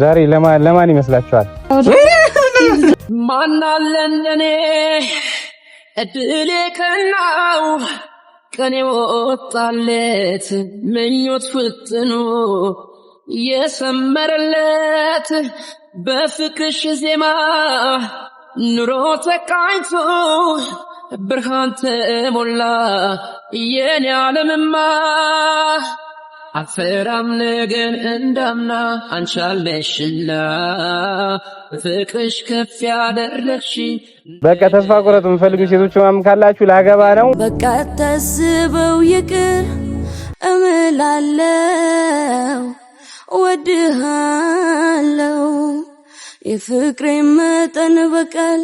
ዛሬ ለማን ይመስላችኋል? ማናለን እኔ እድሌ ከናው ቀኔ ወጣለት ምኞት ፍጥኖ የሰመረለት በፍቅርሽ ዜማ ኑሮ ተቃኝቶ ብርሃን ተሞላ የኔ ዓለምማ አፈራም ነገን እንዳምና አንቻለሽና ፍቅርሽ ከፍ ያደረግሽ። በቃ ተስፋ ቁረጥ የምፈልጉ ሴቶች ማም ካላችሁ ላገባ ነው። በቃ ታስበው ይቅር እምላለው ወድሃለው የፍቅሬ መጠን በቃል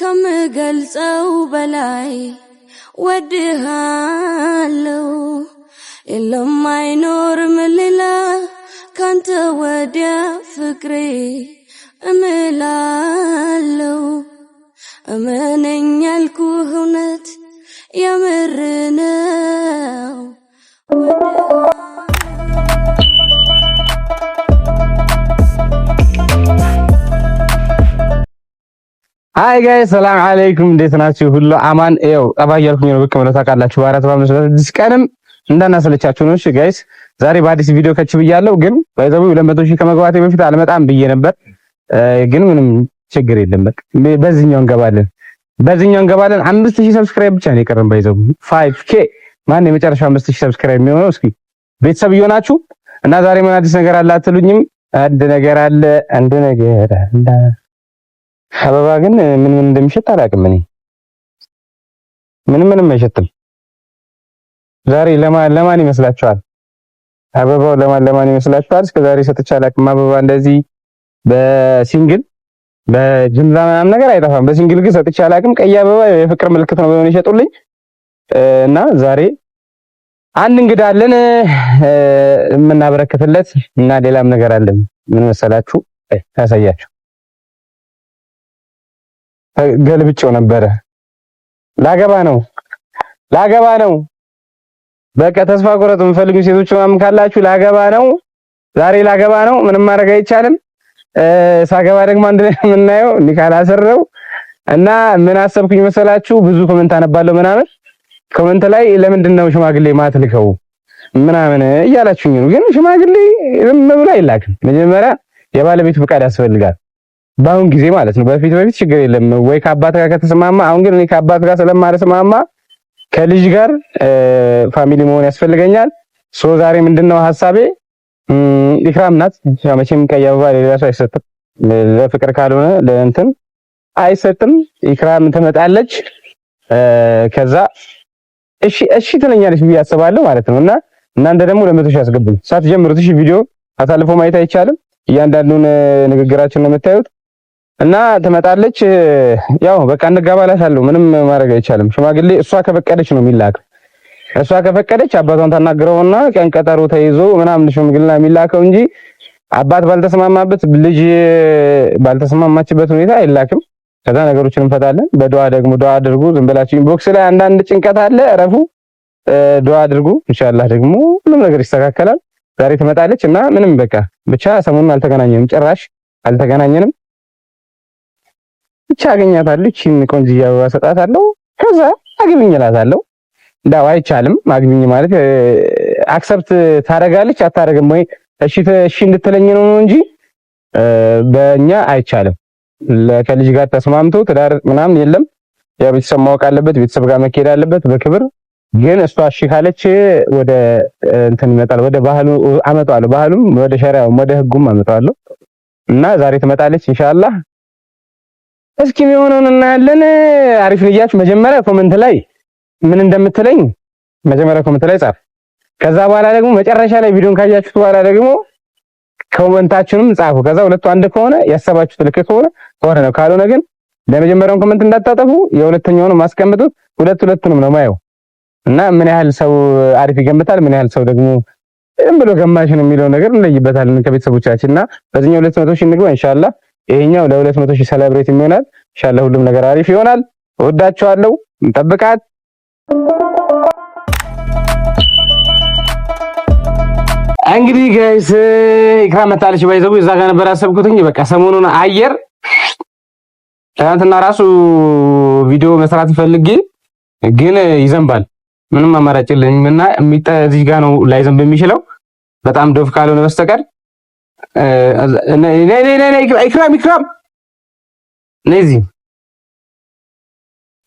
ከምገልጸው በላይ ወድሃለው የለም አይኖርም ሌላ ካንተ ወዲያ ፍቅሬ እምላለው እመነኝ ያልኩህ እውነት የምር ነው። አይ ጋይ ሰላም አለይኩም፣ እንዴት ናችሁ? ሁሉ አማን ው አባ እያልኩኝ ነው ብቅ ብለው ታውቃላችሁ። በአራት በአምስት ስድስት ቀንም እንዳናሰለቻችሁ ነው። እሺ ጋይስ ዛሬ በአዲስ ቪዲዮ ከች ብያለሁ። ግን ባይዘቡ 200 ሺህ ከመግባቴ በፊት አልመጣም ብዬ ነበር። ግን ምንም ችግር የለም። በቃ በዚህኛው እንገባለን፣ በዚህኛው እንገባለን። 5000 ሰብስክራይብ ብቻ ነው የቀረን። ባይዘቡ 5k ማን የመጨረሻው 5000 ሰብስክራይብ የሚሆነው እስኪ ቤተሰብ እየሆናችሁ እና ዛሬ ምን አዲስ ነገር አለ አትሉኝም? አንድ ነገር አለ፣ አንድ ነገር አለ። አበባ ግን ምን ምን እንደሚሸጥ አላውቅም እኔ ምንም ምንም አይሸጥም። ዛሬ ለማን ለማን ይመስላችኋል? አበባው ለማን ለማን ይመስላችኋል? እስከ ዛሬ ሰጥቼ አላውቅም። አበባ እንደዚህ በሲንግል በጅምላ ምናምን ነገር አይጠፋም። በሲንግል ግን ሰጥቼ አላውቅም። ቀይ አበባ የፍቅር ምልክት ነው ብለው የሸጡልኝ እና ዛሬ አንድ እንግዳ አለን የምናበረክትለት እና ሌላም ነገር አለን። ምን መሰላችሁ? ታሳያችሁ ገልብጬው ነበረ። ላገባ ነው ላገባ ነው በቃ ተስፋ ቆረጥ የምፈልጉ ሴቶች ምናምን ካላችሁ ላገባ ነው፣ ዛሬ ላገባ ነው፣ ምንም ማድረግ አይቻልም። ሳገባ ደግሞ አንድ ላይ የምናየው ኒካ ላሰረው እና ምን አሰብኩኝ መሰላችሁ? ብዙ ኮመንት አነባለሁ ምናምን ኮመንት ላይ ለምንድን ነው ሽማግሌ ማትልከው ምናምን እያላችሁኝ ነው። ግን ሽማግሌ ዝም ብሎ አይላክም። መጀመሪያ የባለቤቱ ፍቃድ ያስፈልጋል። በአሁን ጊዜ ማለት ነው። በፊት በፊት ችግር የለም ወይ ከአባት ጋር ከተስማማ። አሁን ግን እኔ ከአባት ጋር ስለማልስማማ ከልጅ ጋር ፋሚሊ መሆን ያስፈልገኛል። ሶ ዛሬ ምንድነው ሀሳቤ ኢክራም ናት። መቼም ቀይ አበባ ለሌላ ሰው አይሰጥም፣ ለፍቅር ካልሆነ ለእንትን አይሰጥም። ኢክራም ትመጣለች፣ ከዛ እሺ እሺ ትለኛለች ብዬ አስባለሁ ማለት ነው። እና እናንተ ደግሞ ለመቶ ሺህ አስገቡኝ። ሳትጀምሩት እሺ ቪዲዮ አሳልፎ ማየት አይቻልም። እያንዳንዱን ንግግራችን ነው የምታዩት። እና ትመጣለች። ያው በቃ እንጋባላታለሁ። ምንም ማድረግ አይቻልም። ሽማግሌ እሷ ከፈቀደች ነው የሚላክ። እሷ ከፈቀደች አባቷን ታናግረውና ቀን ቀጠሮ ተይዞ ምናምን ሽምግልና የሚላከው እንጂ አባት ባልተስማማበት ልጅ ባልተስማማችበት ሁኔታ አይላክም። ከዛ ነገሮችን እንፈታለን። በዱዓ ደግሞ ዱዓ አድርጉ። ዝም ብላችሁ ኢንቦክስ ላይ አንዳንድ ጭንቀት አለ፣ እረፉ፣ ዱዓ አድርጉ። ኢንሻአላህ ደግሞ ሁሉም ነገር ይስተካከላል። ዛሬ ትመጣለች እና ምንም በቃ ብቻ ሰሞኑን አልተገናኘንም፣ ጭራሽ አልተገናኘንም። ብቻ አገኛታለች ይህን ቆንጅዬ አበባ ሰጣታለሁ። ከዛ አግቢኝ እላታለሁ። እንዳው አይቻልም አግብኝ ማለት አክሰፕት ታደርጋለች አታደርግም ወይ እሺ እሺ እንድትለኝ ነው እንጂ በእኛ አይቻልም። ከልጅ ጋር ተስማምቶ ትዳር ምናምን የለም። ያው ቤተሰብ ማወቅ አለበት፣ ቤተሰብ ጋር መካሄድ አለበት በክብር ግን እሷ እሺ ካለች ወደ እንትን ይመጣል። ወደ ባህሉ አመጣዋለሁ። ባህሉም ወደ ሸሪያውም ወደ ህጉም አመጣዋለሁ እና ዛሬ ትመጣለች ኢንሻአላህ። እስኪ የሚሆነውን እናያለን። አሪፍ ልያችሁ መጀመሪያ ኮመንት ላይ ምን እንደምትለኝ መጀመሪያ ኮመንት ላይ ጻፍ። ከዛ በኋላ ደግሞ መጨረሻ ላይ ቪዲዮን ካያችሁት በኋላ ደግሞ ኮመንታችሁንም ጻፉ። ከዛ ሁለቱ አንድ ከሆነ ያሰባችሁት ልክ ከሆነ ከሆነ ነው፣ ካልሆነ ግን ለመጀመሪያውን ኮመንት እንዳታጠፉ የሁለተኛውን ማስቀምጡት። ሁለት ሁለቱንም ነው ማየው እና ምን ያህል ሰው አሪፍ ይገምታል፣ ምን ያህል ሰው ደግሞ ዝም ብሎ ገማሽ ነው የሚለው ነገር እንለይበታለን ከቤተሰቦቻችን እና በዚህኛው ሁለት መቶ ሺህ እንግባ ኢንሻአላህ ይሄኛው ለሁለት መቶ ሺህ ሰለብሬት ይሆናል። ሻለ ሁሉም ነገር አሪፍ ይሆናል። እወዳችኋለሁ። እንጠብቃት። እንግዲህ ጋይስ ኢክራም መታለች ባይዘው እዛ ጋር ነበር ያሰብኩትኝ። በቃ ሰሞኑን አየር ትናንትና ራሱ ቪዲዮ መስራት ፈልጌ ግን ይዘንባል። ምንም አማራጭ የለኝም እና እዚህ ጋር ነው ላይዘንብ የሚችለው በጣም ዶፍ ካልሆነ በስተቀር ኢክራም ኢክራም ነዚህ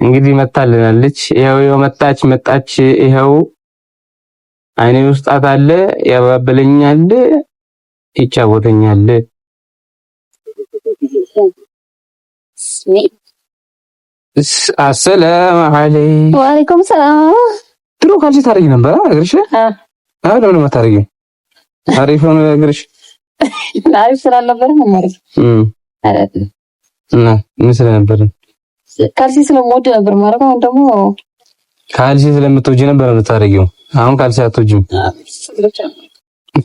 እንግዲህ መታልናለች። ይኸው ይኸው መጣች መጣች። ይኸው አይኔ ውስጣት አለ ያባበለኛል፣ ይጫወተኛል። አሰላም አለይኩም ወአለይኩም ሰላም። ድሮ ካልሲ ታደርጊ ነበር እግርሽ? ለምን አሪፍ ነው እግርሽ አሪፍ ስላልነበረ ማለት ነው። ምን ስለነበረ ካልሲ ስለምወድ ነበር ማለት ነው። ደግሞ ካልሲ ስለምትወጂ ነበር የምታደርጊው። አሁን ካልሲ አትወጂም።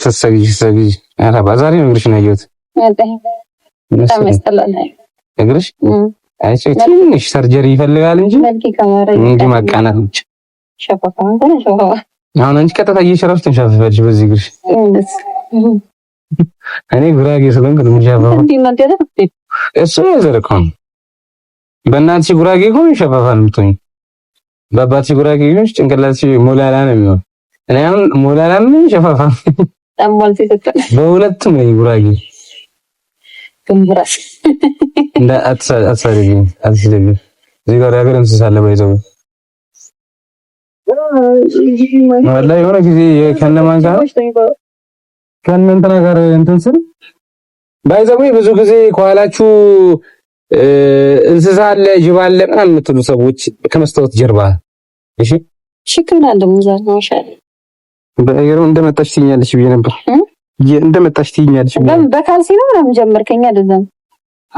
ተሰግጂ ተሰግጂ። ኧረ ዛሬ ነው እግርሽ ነው ያየሁት። እግርሽ ትንሽ ሰርጀሪ ይፈልጋል እንጂ እንጂ ማቃናት ብቻ አሁን አንቺ ቀጥታ እየሸረፍሽ ተንሻፈፈች በዚህ እግርሽ እኔ ጉራጌ ስለሆንክ ነው የሚሸፋፈው። እሱ በእናትሽ ጉራጌ ከሆንሽ ሸፋፋ ነው የምትሆኝ፣ በአባትሽ ጉራጌ ከሆንሽ ጭንቅላትሽ ሞላላ ነው የሚሆን። እኔ አሁን ሞላላ ምን ሸፋፋ በሁለቱም ነኝ ጉራጌ እንደ ባይዘው የሆነ ጊዜ ከነማን ጋር ከእናንተና ጋር እንትን ስል ባይዘዌ ብዙ ጊዜ ከኋላችሁ እንስሳ አለ ጅብ አለ ምናምን የምትሉ ሰዎች ከመስታወት ጀርባ እሺ፣ ሽክና እንደምዛት ነው ሻል በእግሩ እንደመጣሽ ብዬ ነበር። እንደመጣሽ ትይኛለሽ ብዬ በካልሲ ነው ምናምን ጀመርከኝ አይደለም?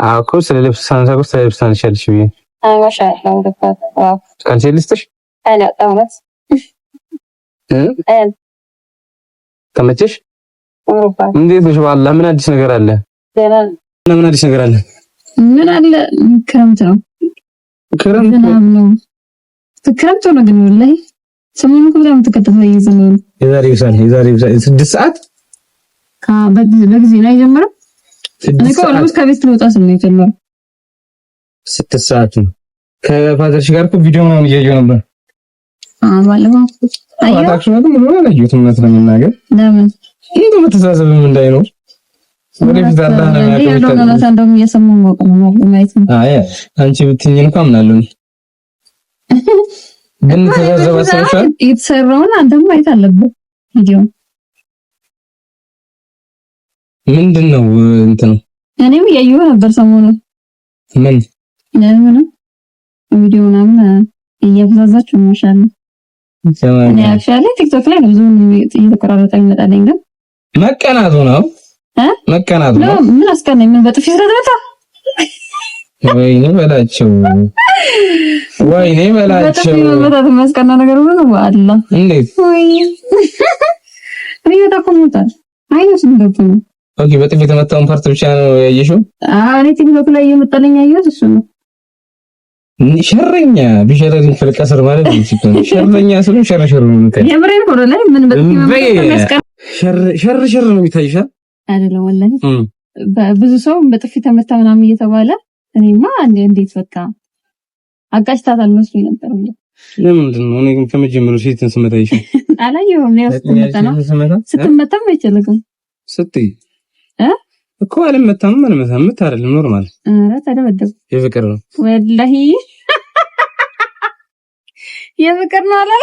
አዎ እኮ ስለ ልብስ ሳንሳ ስለ ልብስ ሳንሻልሽ ብዬ ካልሲ ልስጥሽ ተመቸሽ? እንዴት ነሽ? በአላህ ምን አዲስ ነገር አለ? ምን አዲስ ነገር አለ? ምን አለ? ክረምት ነው፣ ክረምት ነው፣ ክረምት ነው። ግን ወላሂ ሰሞኑን በጣም ተከተፈ። የዛሬ ስድስት ሰዓት በጊዜ ነው የጀመረው። ከቤት ልወጣ ስል ነው የጀመረው። ስድስት ሰዓት ነው። ከፋዘርሽ ጋር እኮ ቪዲዮ ምናምን እያየሁ ነበር። ለምን እንዴ መተዛዘብም እንዳይኖር ወደፊት አላ እንደውም እየሰሙ ማየት ነው። አይ አንቺ ብትይኝ እንኳን ምን አለኝ ግን ተዛዘበ ሰውሻል የተሰራውን አንተም ማየት አለብህ። ቪዲዮ ምንድን ነው እንትን እኔም እያየሁ ነበር ሰሞኑን። ምን ለምን ቪዲዮ ምናምን እያበዛዛችሁ ነው። ማሻአላ እኔ አክቹዋሊ ቲክቶክ ላይ ብዙ እየተቆራረጠ ይመጣለኝ ግን መቀናቱ ነው መቀናቱ ነው። ምን አስቀናኝ? ምን በጥፊ ረዳታ? ወይኔ በላቸው፣ ወይኔ በላቸው። በጣም የሚያስቀና ነገር ነው። አላ እንዴት ወይ ነው? ኦኬ። በጥፊ የተመታውን ፓርት ብቻ ነው ያየሽው? እኔ ቲክቶክ ላይ እየመጣልኝ ያየሁት እሱ ነው። ሸረኛ ቢሸረኝ ፍልቀስር ማለት ነው። ሸረኛ ስለ ሸረሸሩ ነው። የምሬን ሆነ ምን በጥፊ ነው የሚያስቀና ሸር ሸር ነው የሚታይሻል አይደለ? ወላሂ ብዙ ሰው በጥፊ ተመታ ምናምን እየተባለ እኔማ እንዴት በቃ አጋጭታታል መስሎኝ ነበር። ለምንድን ነው እኔ ግን ከመጀመሩ ሴትን ስመታ ይሽ አላየሁም። ያው ስትመታ ስትመታም አይችልም ስትይ እ እኮ አልመታም አልመታም ምት አይደለም ኖርማል። ኧረ ተደበደብ የፍቅር ነው ወላሂ የፍቅር ነው አላለ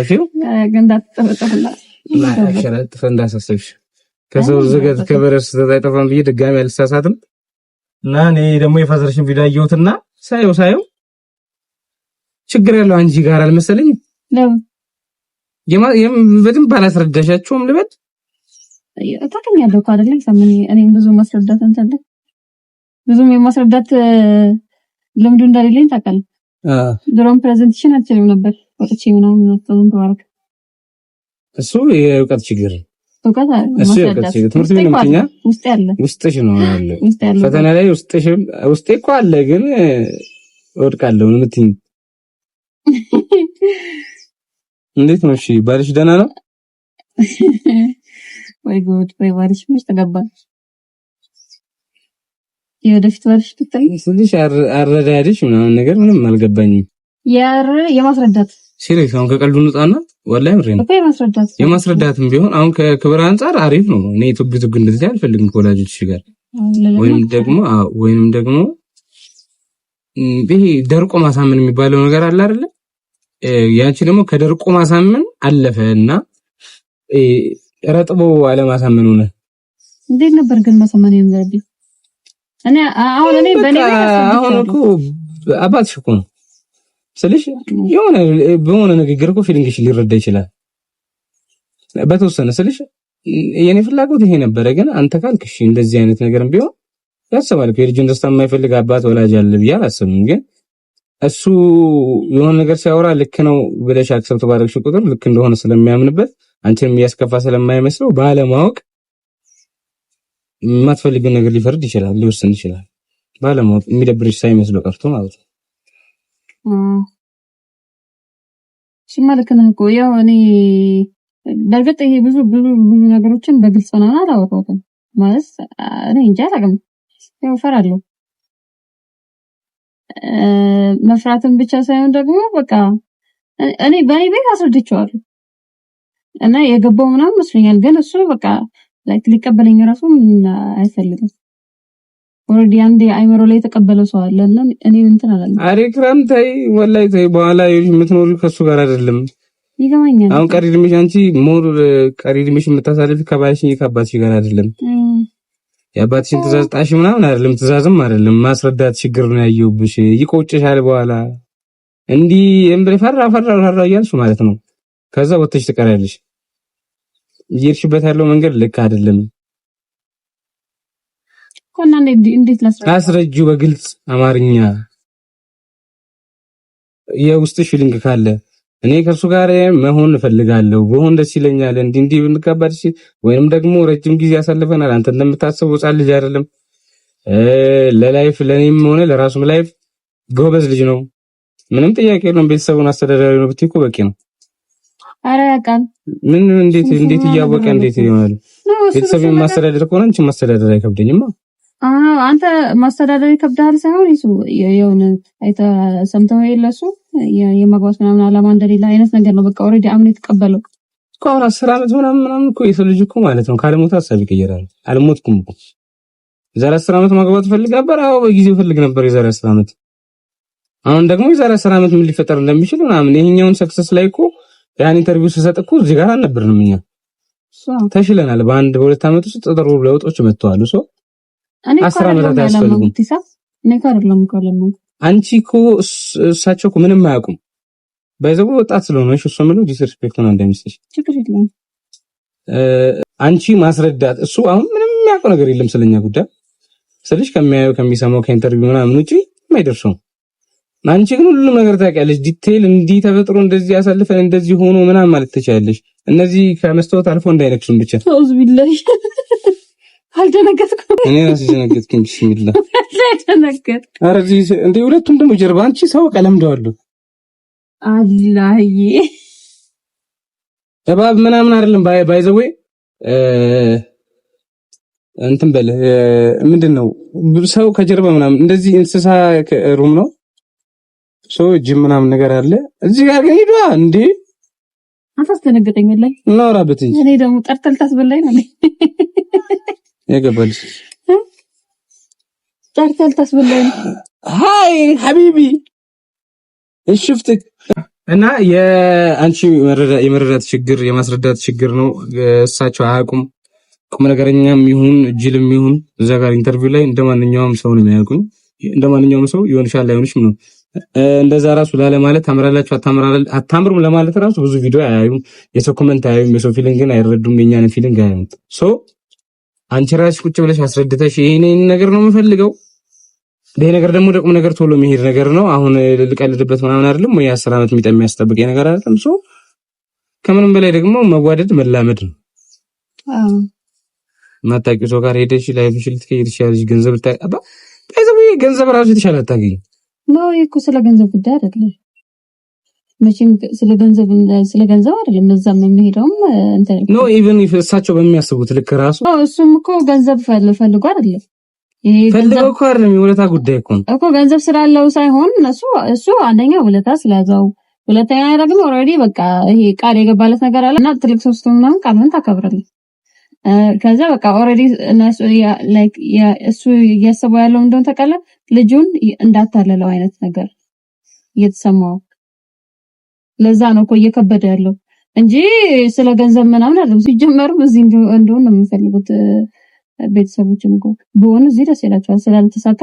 እፊው ግን እንዳትጠፈጠፍላት እንዳሳሰብሽ ከሰው ዘገት ከበረስ አይጠፋም ብዬ ድጋሚ አልሳሳትም እና እኔ ደግሞ የፋዘርሽን ቪዲዮ አየሁትና ሳየው ሳየው ችግር ያለው አንጂ ጋር አልመሰለኝ በደንብ አላስረዳሻቸውም ልበል ታውቅኛለህ እኮ አይደለም እኔም ብዙ ማስረዳት እንትን ብዙም የማስረዳት ልምዱ እንደሌለኝ ታውቃለህ ድሮም ፕሬዘንቴሽን አልችልም ነበር ወጥቼ ምናምን ተባረክ እሱ የእውቀት ችግር እሱ የእውቀት ችግር ትምህርት ቤት ነው ውስጥሽ ነው ያለው ፈተና ላይ ውስጥሽ ውስጤ እኮ አለ ግን እወድቃለሁ ነው የምትይኝ። እንዴት ነው? እሺ ባልሽ ደህና ነው ወይ? ጉድ ወይ ባልሽ ምን ተገባ? የወደፊት ባልሽ ብታይ ስልሽ አረዳድሽ ምናምን ነገር ምንም አልገባኝም። የማስረዳት ሲሪየስ አሁን ከቀልዱ ንጻና ወላይ ምሬ ነው የማስረዳትም ቢሆን አሁን ከክብር አንጻር አሪፍ ነው። እኔ ቱግ ቱግ እንደዚህ አልፈልግም ከወላጆች ጋር ወይም ደግሞ ወይም ደግሞ ይሄ ደርቆ ማሳመን የሚባለው ነገር አለ አይደለ? ያቺ ደግሞ ከደርቆ ማሳመን አለፈ እና ረጥቦ አለማሳመን ሆነ። እንዴት ነበር ግን ማሳመን የምዘርብ እኔ አሁን እኔ በኔ አሁን እኮ አባትሽ እኮ ነው ስልሽ የሆነ በሆነ ንግግር እኮ ፊሊንግሽ ሊረዳ ይችላል በተወሰነ ስልሽ የኔ ፍላጎት ይሄ ነበረ፣ ግን አንተ ካልክሽ እንደዚህ አይነት ነገርም ቢሆን ያስባል። የልጅን ደስታ የማይፈልግ አባት ወላጅ አለ ብዬ አላስብም። ግን እሱ የሆነ ነገር ሲያወራ ልክ ነው ብለሽ አክሰብት ባደረግሽ ቁጥር ልክ እንደሆነ ስለሚያምንበት አንቺንም እያስከፋ ስለማይመስለው ባለማወቅ የማትፈልገው ነገር ሊፈርድ ይችላል፣ ሊወስን ይችላል። ባለማወቅ የሚደብርሽ ሳይመስለው ቀርቶ ማለት ነው። እሱማ mm. ልክ እኮ ያው እኔ በርግጥ ይሄ ብዙ ብዙ ብዙ ነገሮችን በግልጽ ሆነን አላወራሁትም ማለት እኔ እንጃ አላውቅም ያው እፈራለሁ። መፍራትም ብቻ ሳይሆን ደግሞ በቃ እኔ በኔ ቤት አስረድቼዋለሁ እና የገባው ምናምን መስሎኛል። ግን እሱ በቃ ላይክ ሊቀበለኝ ራሱ አይፈልግም። ኦልሬዲ አንዴ አይምሮ ላይ የተቀበለው ሰው አለ እና እኔ እንትን አሬ ክራም ወላይ በኋላ ከሱ ጋር አይደለም። ይገባኛል። አሁን ቀሪ እድሜሽ አንቺ ሞር ቀሪ እድሜሽ የምታሳልፊ ከባልሽ ከአባትሽ ጋር አይደለም። የአባትሽን ትእዛዝ ጣሽ ምናምን አይደለም፣ ትእዛዝም አይደለም። ማስረዳት ችግር ነው ያየሁብሽ። ይቆጭሻል። በኋላ እንዲህ እምብሬ ፈራ ፈራ ፈራ እያልሽ ማለት ነው። ከዛ ትቀሪያለሽ። እየሄድሽበት ያለው መንገድ ልክ አይደለም። አስረጂው በግልጽ አማርኛ የውስጥ ፊሊንግ ካለ እኔ ከእርሱ ጋር መሆን እፈልጋለሁ፣ በሆን ደስ ይለኛል፣ እንዲህ እንዲህ ብንጋባ ወይንም ደግሞ ረጅም ጊዜ ያሳልፈናል። አንተ እንደምታስበው ሕፃን ልጅ አይደለም። ለላይፍ ለኔም ሆነ ለራሱም ላይፍ ጎበዝ ልጅ ነው። ምንም ጥያቄ የለውም። ቤተሰቡን አስተዳዳሪ ነው ብትይ እኮ በቂ ነው። አረ ያውቃል። ምን እንዴት እንዴት እያወቀ እንዴት ይሆናል? ቤተሰቡን ማስተዳደር ከሆነ አንቺ ማስተዳደር አይከብደኝማ። አንተ ማስተዳደር ይከብዳል ሳይሆን ይሱ የሆነ አይተ ሰምተው የለሱ የማግባት ምናምን አላማ እንደሌለ አይነት ነገር ነው። በቃ ኦልሬዲ አምኖ የተቀበለው እኮ አሁን አስር ዓመት ምናምን ምናምን እኮ የሰው ልጅ እኮ ማለት ነው ካለሞት ሀሳብ ይቀየራል። አልሞትኩም እኮ የዛሬ አስር ዓመት ማግባት ፈልግ ነበር። አዎ በጊዜው ፈልግ ነበር የዛሬ አስር ዓመት። አሁን ደግሞ የዛሬ አስር ዓመት ምን ሊፈጠር እንደሚችል ምናምን ይሄኛውን ሰክሰስ ላይ እኮ ያን ኢንተርቪው ስሰጥ እኮ እዚህ ጋር አልነበርንም እኛ ተሽለናል። በአንድ በሁለት ዓመት ውስጥ ጥሩ ለውጦች መጥተዋል ሰው አስር ዓመታት አያስፈልጉም። አንቺ እኮ እሳቸው እኮ ምንም አያውቁም። ባይዘው ወጣት ስለሆነሽ እሱ ምንም ዲስሪስፔክት ነው እንደሚስልሽ አንቺ ማስረዳት እሱ አሁን ምንም የሚያውቀው ነገር የለም ስለኛ ጉዳይ ስልሽ ከሚያየው ከሚሰማው ከኢንተርቪው ምናምን ውጪ የማይደርሰው አንቺ ግን ሁሉም ነገር ታውቂያለሽ። ዲቴይል እንዲህ ተፈጥሮ እንደዚህ ያሳልፈን እንደዚህ ሆኖ ምናምን ማለት ትችያለሽ። እነዚህ ከመስታወት አልፎ እንዳይነክሱን ብቻ ቢላሽ አልደነገጥኩም። እኔ ሁለቱም ደግሞ ጀርባ አንቺ ሰው ቀለምደዋለሁ። አላህዬ እባብ ምናምን አይደለም። ባይዘዌ እንትን በል ምንድን ነው ሰው ከጀርባ ምናምን እንደዚህ እንስሳ ሩም ነው ሰው እጅ ምናምን ነገር አለ እዚህ ጋር ግን ሂዷ እንዴ ላይ እንጂ እኔ ደግሞ ጠርተልታስ በላይ ነው ያገባልሽ ጨርቅ አልታስበላኝ። ሃይ ሀቢቢ እሽፍትክ እና የአንቺ የመረዳት ችግር የማስረዳት ችግር ነው። እሳቸው አያውቁም። ቁም ነገረኛም ይሁን ጅልም ይሁን እዛ ጋር ኢንተርቪው ላይ እንደማንኛውም ሰው ነው የሚያውቁኝ። እንደማንኛውም ሰው ይሆንሻል አይሆንሽም ነው እንደዛ ራሱ ላለ ማለት ታምራላችሁ አታምሩም ለማለት ራሱ ብዙ ቪዲዮ አያዩም። የሰው ኮመንት አያዩም። የሰው ፊሊንግን አይረዱም። የኛን ፊሊንግ አያዩም። አንቺ ራስሽ ቁጭ ብለሽ አስረድተሽ ይሄን ነገር ነው የምፈልገው። ይሄ ነገር ደግሞ ደቁም ነገር ቶሎ መሄድ ነገር ነው። አሁን ልቀልድበት ምናምን አይደለም ወይ አስር ዓመት የሚጠም የሚያስጠብቅ ነገር አይደለም። ሶ ከምንም በላይ ደግሞ መዋደድ መላመድ ነው። የማታውቂው ሰው ጋር ሄደሽ ላይፍሽን ልትቀይሪ ትችያለሽ። ገንዘብ አባ ገንዘብ ራሱ የተሻለ አታገኝ ነው። ይሄ እኮ ስለ ገንዘብ ጉዳይ አይደለም መቼም ስለ ገንዘብ ስለ ገንዘብ አይደለም እዛም የምሄደውም ኖ ኢቨን እሳቸው በሚያስቡት ልክ ራሱ እሱም እኮ ገንዘብ ፈልጎ አይደለም ፈልገው እኮ አይደለም የውለታ ጉዳይ እኮ እኮ ገንዘብ ስላለው ሳይሆን እሱ እሱ አንደኛ ውለታ ስለያዘው፣ ሁለተኛ ደግሞ ኦልሬዲ በቃ ይሄ ቃል የገባለት ነገር አለ እና ትልቅ ሰው ስትሆን ምናምን ቃልህን ታከብራለህ። ከዛ በቃ ኦልሬዲ እሱ እያሰበው ያለው እንደሆነ ተቀለ ልጁን እንዳታለለው አይነት ነገር እየተሰማው ለዛ ነው እኮ እየከበደ ያለው እንጂ ስለ ገንዘብ ምናምን አለም። ሲጀመርም እዚህ እንደሆን ነው የሚፈልጉት ቤተሰቦች እኮ በሆኑ እዚህ ደስ ይላቸዋል። ስላልተሳካ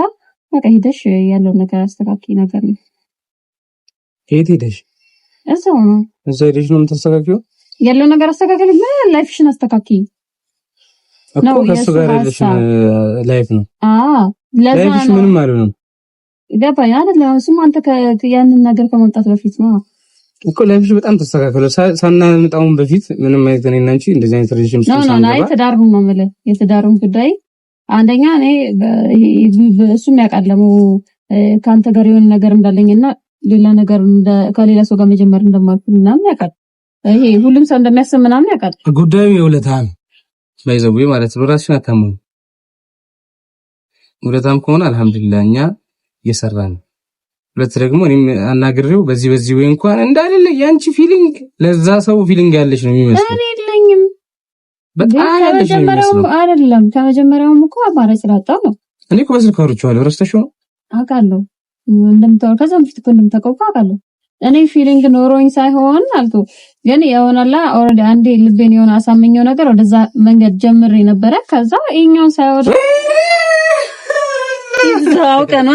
በቃ ሂደሽ ያለው ነገር አስተካኪ ነገር ነው። የት ሄደሽ? እዛው ነው እዛ ሄደሽ ነው የምታስተካኪው። ያለው ነገር አስተካክል፣ ላይፍሽን አስተካኪ እኮ ከሱ ጋር ያለሽ ላይፍ ነው። አዎ ለዛ ነው ምንም ማለት ነው። ገባኝ አይደል? እሱማ አንተ ያንን ነገር ከመምጣት በፊት ነው እኮ ላይፍሽ በጣም ተስተካከለ። ሳናመጣውን በፊት ምንም አይነት እኔና አንቺ እንደዚህ አይነት ሪሌሽን የትዳሩን ጉዳይ አንደኛ እኔ እሱም ያውቃለሙ ከአንተ ጋር የሆነ ነገር እንዳለኝ እንዳለኝና ሌላ ነገር ከሌላ ሰው ጋር መጀመር እንደማልኩኝ ምናምን ያውቃል። ይሄ ሁሉም ሰው እንደሚያስብ ምናምን ያውቃል። ጉዳዩ የውለታም ባይዘቡ ማለት ነው። ራስሽን አታምኑ። ውለታም ከሆነ አልሐምዱሊላህ እኛ እየሰራን ነው ሁለት ደግሞ እኔም አናግሬው በዚህ በዚህ ወይ እንኳን እንዳልለ ያንቺ ፊሊንግ ለዛ ሰው ፊሊንግ ያለሽ ነው የሚመስለው። እኔ የለኝም በጣም ያለሽ ነው የሚመስለው። አይደለም ከመጀመሪያውም እኮ አማራጭ ስላጣሁ ነው። እኔ እኮ በስልክ አውርቼዋለሁ። ረስተሽው ነው አውቃለሁ፣ እንደምታወር ከዛ በፊት እኮ እንደምታውቀው እኮ አውቃለሁ። እኔ ፊሊንግ ኖሮኝ ሳይሆን አልኩ፣ ግን የሆነላ ኦልሬዲ አንዴ ልቤን የሆነ አሳመኘው ነገር ወደዛ መንገድ ጀምሬ ነበረ። ከዛ ይኸኛውን ሳይወድ አሁን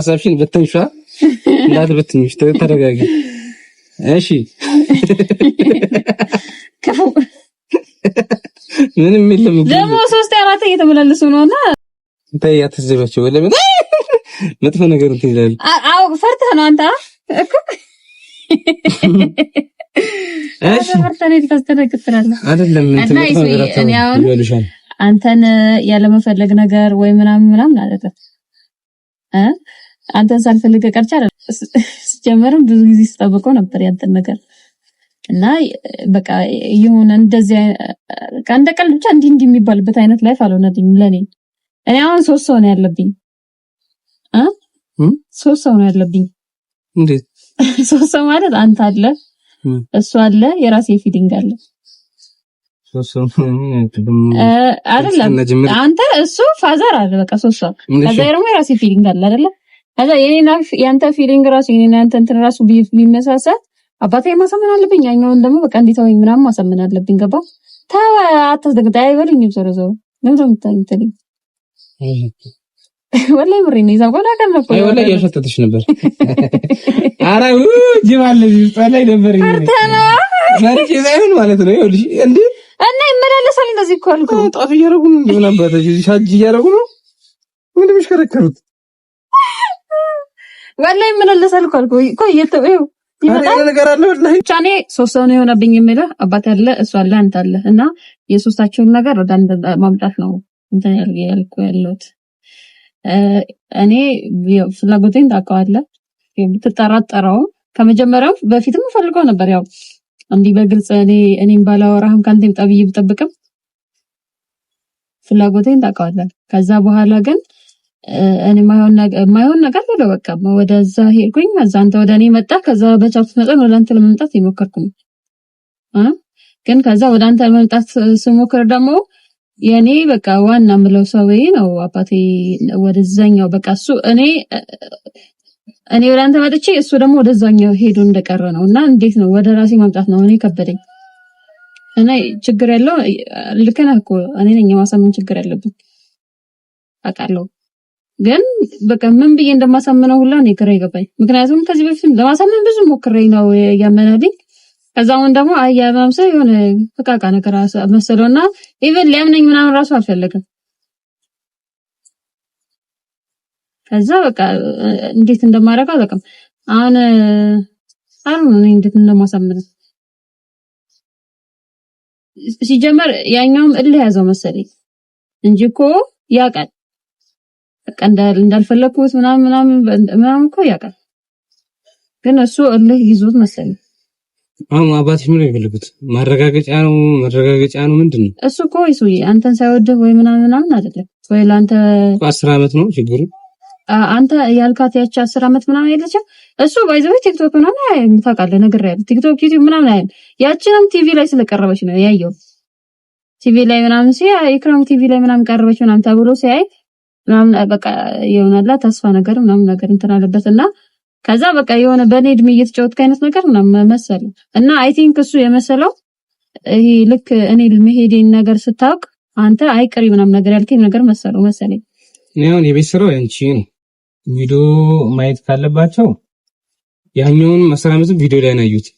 ሀሳብሽን በትንሿ እንዳት ተረጋጊ። እሺ ምንም የለም። ደግሞ ሶስት አራት እየተመላለሱ ነውና ተይ አትዘባቸው። ለምን መጥፎ ነገር እንትን ይላል። አዎ ፈርተህ ነው አንተ እኮ አንተን ያለመፈለግ ነገር ወይ ምናምን ምናምን አይደለም። አንተን ሳልፈልግ ብዙ ጊዜ ስጠብቀው ነበር ያንተን ነገር እና በቃ የሆነ እንደዚህ እንደ ቀልድ ብቻ እንዲህ እንዲህ የሚባልበት አይነት ላይፍ አልሆነልኝም እኔ አሁን ሶስት ሰው ነው ያለብኝ ሶስት ሰው ነው ያለብኝ። እንዴት ሶስት ሰው ማለት አንተ አለ እሱ አለ፣ የራሴ ፊሊንግ አለ። አይደለም አንተ እሱ ፋዘር አለ፣ በቃ ሶሶ ሰው። ከዛ ደግሞ የራሴ ፊሊንግ አለ አይደለ? ከዛ የኔና ያንተ ፊሊንግ ራሱ የኔና ያንተ እንትን ራሱ ቢመሳሰል አባቴ ማሳመን አለብኝ፣ ያኛውን ደግሞ በቃ እንዴት ወይ ምናምን ማሳመን አለብኝ። ገባ ታው አታስደግጣ አይበልኝም። ዞሮ ዞሮ ለምን ተምታኝ ወላይ ብሬ ነው ይዛው ጋር ነበር። ወላይ ያሸተተሽ ነበር። አረ ጅብ አለ እዚህ ወላይ ነበር። ማለት ነው ይኸውልሽ፣ እንዴ እና ይመላለሳል። እንደዚህ እኮ አልኩ። ጣፍ እያደረጉ ነው አባታሽ ሻጅ እያደረጉ ነው። ምንድን የሚሽከረከሩት? ወላይ ይመላለሳል እኮ አልኩ እኮ እየተው ብቻ እኔ ሶስት ሰው ነው የሆነብኝ የምልህ አባት አለ እሱ አለ አንተ አለ እና የሶስታቸውን ነገር ወደ አንድ ማምጣት ነው እንትን ያልኩ ያለሁት እኔ ፍላጎቴን ታውቀዋለህ። የምትጠራጠረው ከመጀመሪያው በፊትም ፈልገው ነበር። ያው እንዲህ በግልጽ እኔ እኔም ባላወራህም ከአንተም ጠብዬ ብጠብቅም ፍላጎቴን ታውቀዋለህ። ከዛ በኋላ ግን እኔ ማይሆን ነገር ብሎ በቃ ወደዛ ሄድኩኝ። ከዛ አንተ ወደ እኔ መጣ። ከዛ በቻልኩት መጠን ወደ አንተ ለመምጣት የሞከርኩኝ ግን ከዛ ወደ አንተ ለመምጣት ስሞክር ደግሞ የእኔ በቃ ዋና ምለው ሰውዬ ነው አባቴ። ወደዛኛው በቃ እሱ እኔ እኔ ወደ አንተ መጥቼ እሱ ደግሞ ወደዛኛው ሄዶ እንደቀረ ነው። እና እንዴት ነው ወደ ራሴ ማምጣት ነው እኔ ከበደኝ። እና ችግር ያለው ልክ ነህ እኮ እኔ ነኝ የማሳመን ችግር ያለብኝ አውቃለሁ። ግን በቃ ምን ብዬ እንደማሳምነው ሁላ እኔ ግራ ይገባኝ። ምክንያቱም ከዚህ በፊትም ለማሳመን ብዙ ሞክሬ ነው ያመናልኝ ከዛ አሁን ደግሞ አህያ ሰው የሆነ ፍቃቃ ነገር መሰለውና ኢቨን ሊያምነኝ ምናምን ራሱ አልፈለገም። ከዛ በቃ እንዴት እንደማደርገው አላውቅም። አሁን አሁን ነው እንዴት እንደማሳምነው ሲጀመር ያኛውም እልህ ያዘው መሰለኝ እንጂ እኮ ያውቃል በቃ እንዳልፈለኩት ምናምን ምናምን ምናምን እኮ ያውቃል። ግን እሱ እልህ ይዞት መሰለኝ አሁን አባትሽ ምን የሚፈልጉት ማረጋገጫ ነው? ማረጋገጫ ነው ምንድን ነው እሱ? እኮ ይሱዬ አንተን ሳይወድህ ወይ ምናምን ምናምን አይደለም ወይ ለአንተ አስር አመት ነው ችግሩ። አንተ ያልካት ያቺ አስር ዓመት ምናምን የለችም። እሱ ባይዘው ቲክቶክ ምናምን አያይም ታውቃለህ፣ ነግሬሃለሁ። ቲክቶክ ዩቲዩብ ምናምን አያይም። ያቺንም ቲቪ ላይ ስለቀረበች ነው ያየው። ቲቪ ላይ ምናምን ሲያይ ኢክራም ቲቪ ላይ ምናምን ቀረበች ምናምን ተብሎ ሲያይ ምናምን በቃ የሆነላ ተስፋ ነገር ምናምን ነገር እንትን አለበትና ከዛ በቃ የሆነ በኔ እድሜ እየተጫወትክ አይነት ነገር ምናምን መሰለ እና አይ ቲንክ እሱ የመሰለው ይሄ ልክ እኔ መሄዴን ነገር ስታውቅ አንተ አይቀሪ ምናምን ነገር ያልከኝ ነገር መሰለው መሰለኝ። አሁን የቤት ስራው ያንቺ ቪዲዮ ማየት ካለባቸው ያኛውን መሰራ ቪዲዮ ላይ ነው ያዩት።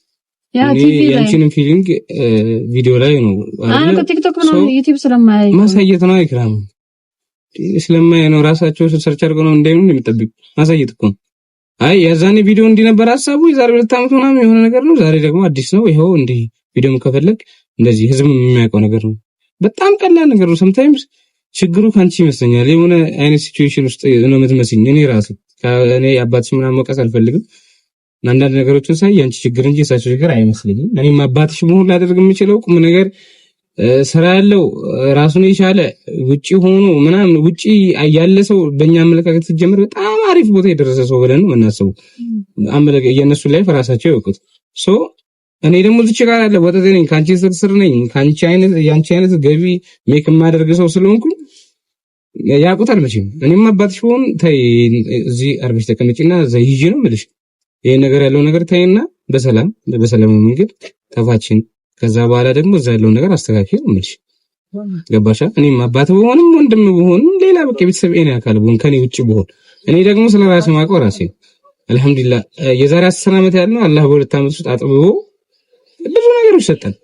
ያንቺንም ፊሊንግ ቪዲዮ ላይ ነው አንተ ቲክቶክ ምናምን ዩቲዩብ ስለማያይ ማሳየት ነው አይክራም ስለማያይ ነው ራሳቸው ሰርች አድርገው ነው እንደምን የሚጠብቅ ማሳየት እኮ ነው አይ የዛኔ ቪዲዮ እንዲህ ነበር ሀሳቡ። የዛሬ ሁለት ዓመት ምናምን የሆነ ነገር ነው። ዛሬ ደግሞ አዲስ ነው። ይኸው እንዲህ ቪዲዮም ከፈለግ እንደዚህ ህዝብ የሚያውቀው ነገር ነው። በጣም ቀላል ነገር ነው። ሰምታይምስ ችግሩ ከአንቺ ይመስለኛል። የሆነ አይነት ሲቹዌሽን ውስጥ ነው የምትመስኝ። እኔ ራሱ ከእኔ አባትሽ ምናምን መውቀስ አልፈልግም። አንዳንድ ነገሮችን ሳይ የአንቺ ችግር እንጂ የሳቸው ችግር አይመስለኝም። እኔም አባትሽ መሆን ላደርግ የምችለው ቁም ነገር ስራ ያለው ራሱን የቻለ ውጪ ሆኖ ምናምን ውጪ ያለ ሰው በእኛ አመለካከት ሲጀምር በጣም አሪፍ ቦታ የደረሰ ሰው ብለን ነው የምናስበው። አመለገ የእነሱ ላይፍ ራሳቸው ይወቁት። ሶ እኔ ደግሞ ዝች ጋር ትችላለህ ወጠጤ ነኝ፣ ከአንቺ ስር ስር ነኝ፣ ከአንቺ አይነት የአንቺ አይነት ገቢ ሜክ የማደርግ ሰው ስለሆንኩ ያውቁታል። መቼም እኔም አባትሽ ሆን ተይ እዚህ አርበሽ ተቀመጪና ዘይዤ ነው የምልሽ ይሄ ነገር ያለው ነገር ታይና በሰላም በሰላም መንገድ ተፋችን። ከዛ በኋላ ደግሞ እዛ ያለው ነገር አስተካክል ነው የምልሽ። ገባሻ? እኔም አባት ብሆንም ወንድም ብሆንም ሌላ በቃ ቤተሰብ እኔ አካል ብሆን ከኔ ውጭ ብሆን እኔ ደግሞ ስለ ራሴ ማውቀው ራሴ የዛሬ አስር ዓመት ያለ አላህ በሁለት ዓመት ውስጥ አጥብቦ ብዙ ነገሮች ሰጠን።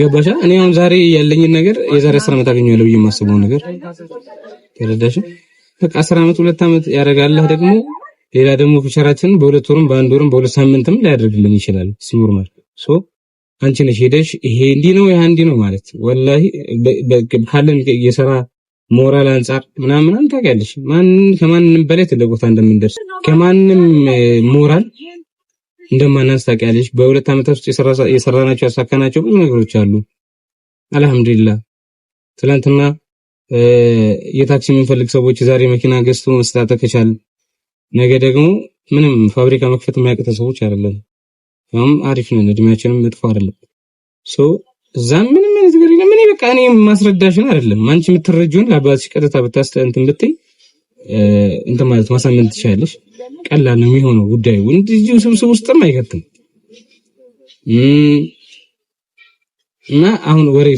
ገባሻ? እኔ አሁን ዛሬ ያለኝን ነገር የዛሬ አስር ዓመት ያለው ብዬ የማስበው ነገር ተረዳሽ? በቃ አስር ዓመት ሁለት ዓመት ያደርጋለህ። ደግሞ ሌላ ደግሞ ፊቸራችን በሁለት ወርም በአንድ ወርም በሁለት ሳምንትም ሊያደርግልን ይችላል። ሲኖር ማለት ሶ አንቺ ነሽ ሄደሽ ይሄ እንዲህ ነው ያ እንዲህ ነው ማለት ወላሂ ካለን የሰራ ሞራል አንጻር ምናምን ታውቂያለሽ፣ ከማንም በላይ ትልቅ ቦታ እንደምንደርስ ከማንም ሞራል እንደማናንስ ታውቂያለሽ። በሁለት ዓመታት ውስጥ የሰራናቸው ያሳካናቸው ብዙ ነገሮች አሉ። አልሐምዱሊላህ ትላንትና የታክሲ የምንፈልግ ሰዎች ዛሬ መኪና ገዝቶ መስታተ ከቻል ነገ ደግሞ ምንም ፋብሪካ መክፈት የማያቅተን ሰዎች አይደለም። አሪፍ ነን፣ እድሜያችንም መጥፎ አይደለም። እዛ ምንም አይነት ነገር የለም። እኔ በቃ እኔ ማስረዳሽን አይደለም አንቺ የምትረጂውን ለአባትሽ ቀጥታ እንትን ብትይ እንትን ማለት ማሳመን ትችያለሽ። ቀላል ነው የሚሆነው ጉዳዩ እንዲሁ ስብስብ ውስጥም አይከትም እና አሁን ወሬ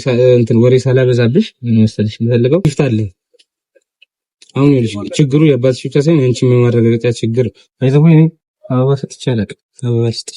እንትን ወሬ ሳላበዛብሽ ምን መሰለሽ የምፈልገው ይፍታልኝ። አሁን ይኸውልሽ ችግሩ የአባትሽ ብቻ ሳይሆን አንቺ የማረጋገጫ ችግር አይተው ወይ አበባ ሰጥቼ አላውቅም። አበባ ሰጥቼ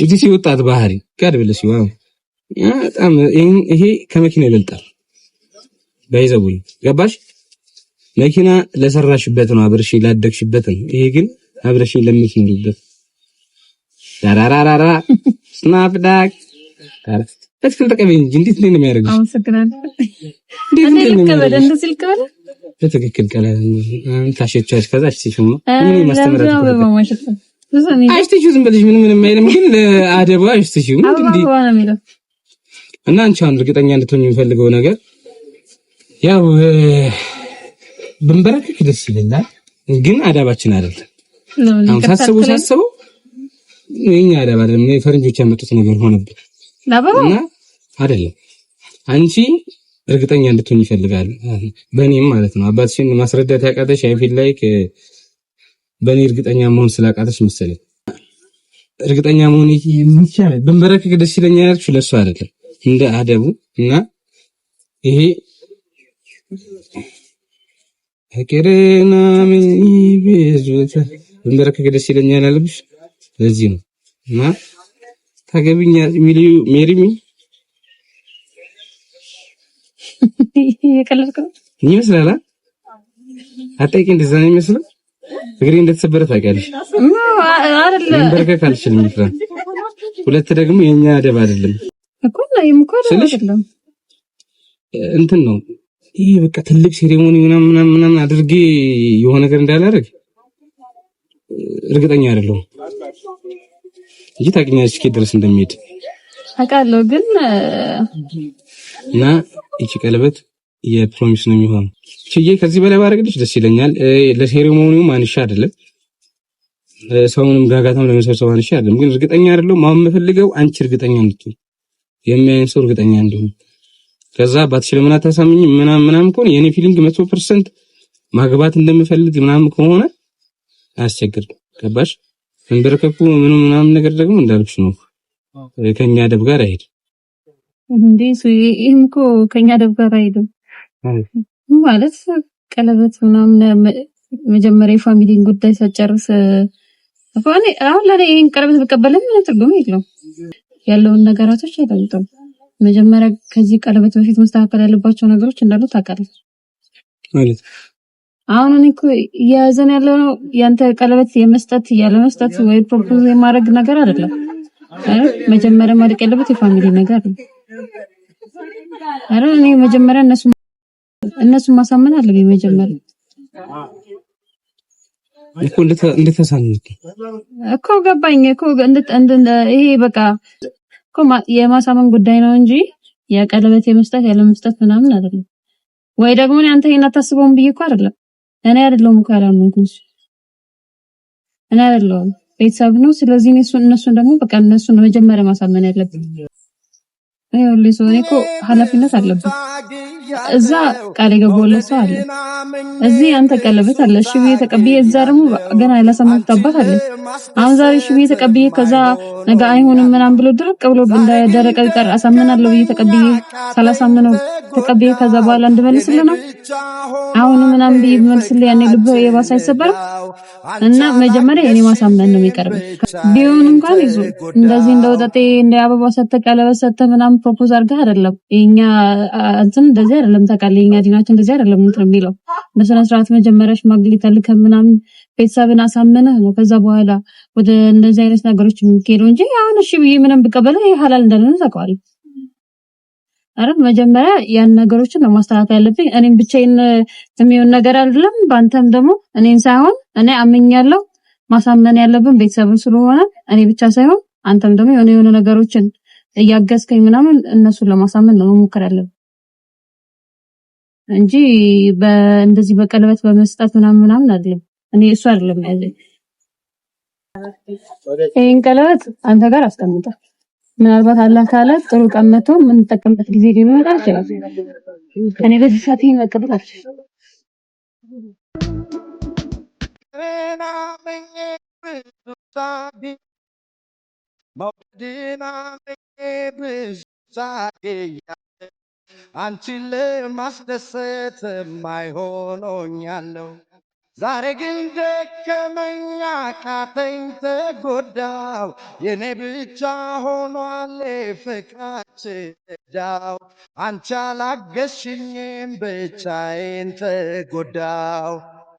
የዚህ የወጣት ባህሪ ጋር ብለሽ ይዋው በጣም ይሄ ከመኪና ይበልጣል። ባይዘቡኝ ገባሽ? መኪና ለሰራሽበት ነው አብረሽ ላደግሽበት ነው። ይሄ ግን አብረሽ ለምትኖሪበት ዳራራራራ ስናፍዳክ በትክክል እንጂ እንዴት ነው የሚያደርገው? በትክክል ቀለ ታሸቻች ከዛች ሲሽሙ ማስተምራት ነው አይሽትሽው ዝም ብለሽ ምንም ምንም አይልም፣ ግን ለአደባ አይሽትሽው እና አንቺ አሁን እርግጠኛ እንድትሆኝ የሚፈልገው ነገር ያው ብንበረከክ ደስ ይለኛል፣ ግን አዳባችን አይደለም። አሁን ሳስበው ሳስበው የእኛ አዳባ አይደለም፣ ፈረንጆች ያመጡት ነገር ሆነብን እና አይደለም። አንቺ እርግጠኛ እንድትሆኝ ይፈልጋል፣ በእኔም ማለት ነው። አባትሽን ማስረዳት ያቃተሽ አይ ፊል ላይክ በእኔ እርግጠኛ መሆን ስላቃተች መሰለኝ። እርግጠኛ መሆን የሚቻል ብንበረከክ ደስ ይለኛል ያለችው ለእሱ አይደለም እንደ አደቡ እና ይሄ ፍቅርና ምን ብንበረከክ ደስ ይለኛል ያለብሽ ለዚህ ነው እና ታገቢኛ ሚሊ ሜሪሚ ይመስላል። አጠቂ እንደዛ ነው የሚመስለው እግሬ እንደተሰበረ ታውቂያለሽ መንበርከክ አልችልም። ይፍራን ሁለት ደግሞ የኛ አደብ አይደለም እኮ እንትን ነው ይሄ በቃ ትልቅ ሴሬሞኒ ምናምን ምናምን አድርጌ የሆነ ነገር እንዳላደርግ እርግጠኛ አይደለሁም እንጂ ታውቂኛለሽ እስኪ ድረስ እንደሚሄድ አውቃለሁ ግን እና ይቺ ቀለበት የፕሮሚስ ነው የሚሆነው። ችዬ ከዚህ በላይ ባረግልሽ ደስ ይለኛል። ለሴሬሞኒውም አንሻ አይደለም ሰውንም ጋጋታም ለመሰብሰብ አንሻ አይደለም፣ ግን እርግጠኛ አይደለሁም። ማን የምፈልገው አንቺ እርግጠኛ እንድትሆን የሚያይን ሰው እርግጠኛ እንደሆነ ከዛ ባትችል ምን አታሳምኝ ምናምን ምናምን ከሆነ የኔ ፊሊንግ መቶ ፐርሰንት ማግባት እንደምፈልግ ምናምን ከሆነ አያስቸግርም። ገባሽ? መንበረከኩ ምኑ ምናምን ነገር ደግሞ እንዳልኩሽ ነው። ከኛ ደብ ጋር አይሄድም እንዴ? ይህም እኮ ከኛ ደብ ጋር አይሄድም። ማለት ቀለበት ምናምን መጀመሪያ የፋሚሊን ጉዳይ ሳጨርስ አሁን ለኔ ይህን ቀለበት መቀበልም ምን ትርጉም የለው። ያለውን ነገራቶች አይጠምጥም። መጀመሪያ ከዚህ ቀለበት በፊት መስተካከል ያለባቸው ነገሮች እንዳሉ ታውቃለህ ማለት አሁን እኔ እኮ እያያዘን ያለው ያንተ ቀለበት የመስጠት ያለመስጠት ወይ ፕሮፖዝ የማድረግ ነገር አይደለም። መጀመሪያ ማድረግ ያለበት የፋሚሊ ነገር ነው። አረ እኔ መጀመሪያ እነሱ እነሱን ማሳመን አለብኝ መጀመር እኮ እንደተሳንኩ እኮ ገባኝ እኮ ይሄ በቃ እኮ የማሳመን ጉዳይ ነው እንጂ የቀለበት የመስጠት ያለ መስጠት ምናምን አይደለም። ወይ ደግሞ አንተ ይሄን አታስበውም ብዬ እኮ አይደለም። እኔ አይደለሁም እኮ ያላመንኩሽ እኔ አይደለሁም ቤተሰብ ነው። ስለዚህ እነሱን ደግሞ በቃ እነሱን መጀመሪያ ማሳመን ያለብኝ። ይኸውልህ ሰው እኔ እኮ ኃላፊነት አለብኝ። እዛ ቃል የገባለት ሰው አለ፣ እዚህ አንተ ቀለበት አለ። እሺ ተቀብዬ እዛ ደግሞ ገና ያላሰማሁት አባት አለ። አሁን ዛሬ እሺ ተቀብዬ ከዛ ነገ አይሆንም ምናምን ብሎ ድርቅ ብሎ እንደደረቀ ይቀር አሳምናለሁ ብዬ ተቀብዬ ሳላሳምነው ተቀብዬ ከዛ በኋላ እንድመልስል ነው አሁን ምናምን ብዬ ብመልስልህ ያኔ ልብ የባሰ አይሰበርም። እና መጀመሪያ የኔ ማሳመን ነው የሚቀርብ ቢሆን እንኳን ይዞ እንደዚህ እንደ ወጠጤ እንደ አበባ ሰተ ቀለበት ሰተ ምናምን ፕሮፖዝ አድርገህ አይደለም የኛ እንትን እንደዚህ አይደለም ታውቃለህ፣ የእኛ ዲናችን እንደዚህ አይደለም እንትን የሚለው በስነ ስርዓት መጀመሪያ ሽማግሌ ተልከህ ምናምን ቤተሰብን አሳምነህ ነው ከዛ በኋላ ወደ እንደዚህ አይነት ነገሮች የሚሄደው እንጂ አሁን እሺ ብዬ ምንም ብቀበልህ ይሄ ሀላል እንዳልሆነ ታውቃለህ። አረ መጀመሪያ ያን ነገሮችን ነው ማስተካከል ያለብኝ። እኔም ብቻዬን የሚሆን ነገር አይደለም። በአንተም ደግሞ እኔን ሳይሆን እኔ አምኛለሁ ማሳመን ያለብን ቤተሰብን ስለሆነ እኔ ብቻ ሳይሆን አንተም ደግሞ የሆነ የሆነ ነገሮችን እያገዝከኝ ምናምን እነሱን ለማሳመን ነው መሞከር ያለብን። እንጂ እንደዚህ በቀለበት በመስጠት ምናምን ምናምን አይደለም። እኔ እሱ አይደለም ያለኝ። ይህን ቀለበት አንተ ጋር አስቀምጠ ምናልባት አላህ ካለ ጥሩ ቀን መጥቶ የምንጠቀምበት ጊዜ ሊመጣ ይችላል። እኔ በዚህ ሰዓት ይህን መቀበል አልችልም። ና አንቺን ለማስደሰት ማይሆኖኛለሁ ዛሬ ግን ደከመኛ ካተኝ ተጎዳው የኔ ብቻ ሆኗል ፍቅራች ዳው አንቺ አላገሽኝም ብቻዬን ተጎዳው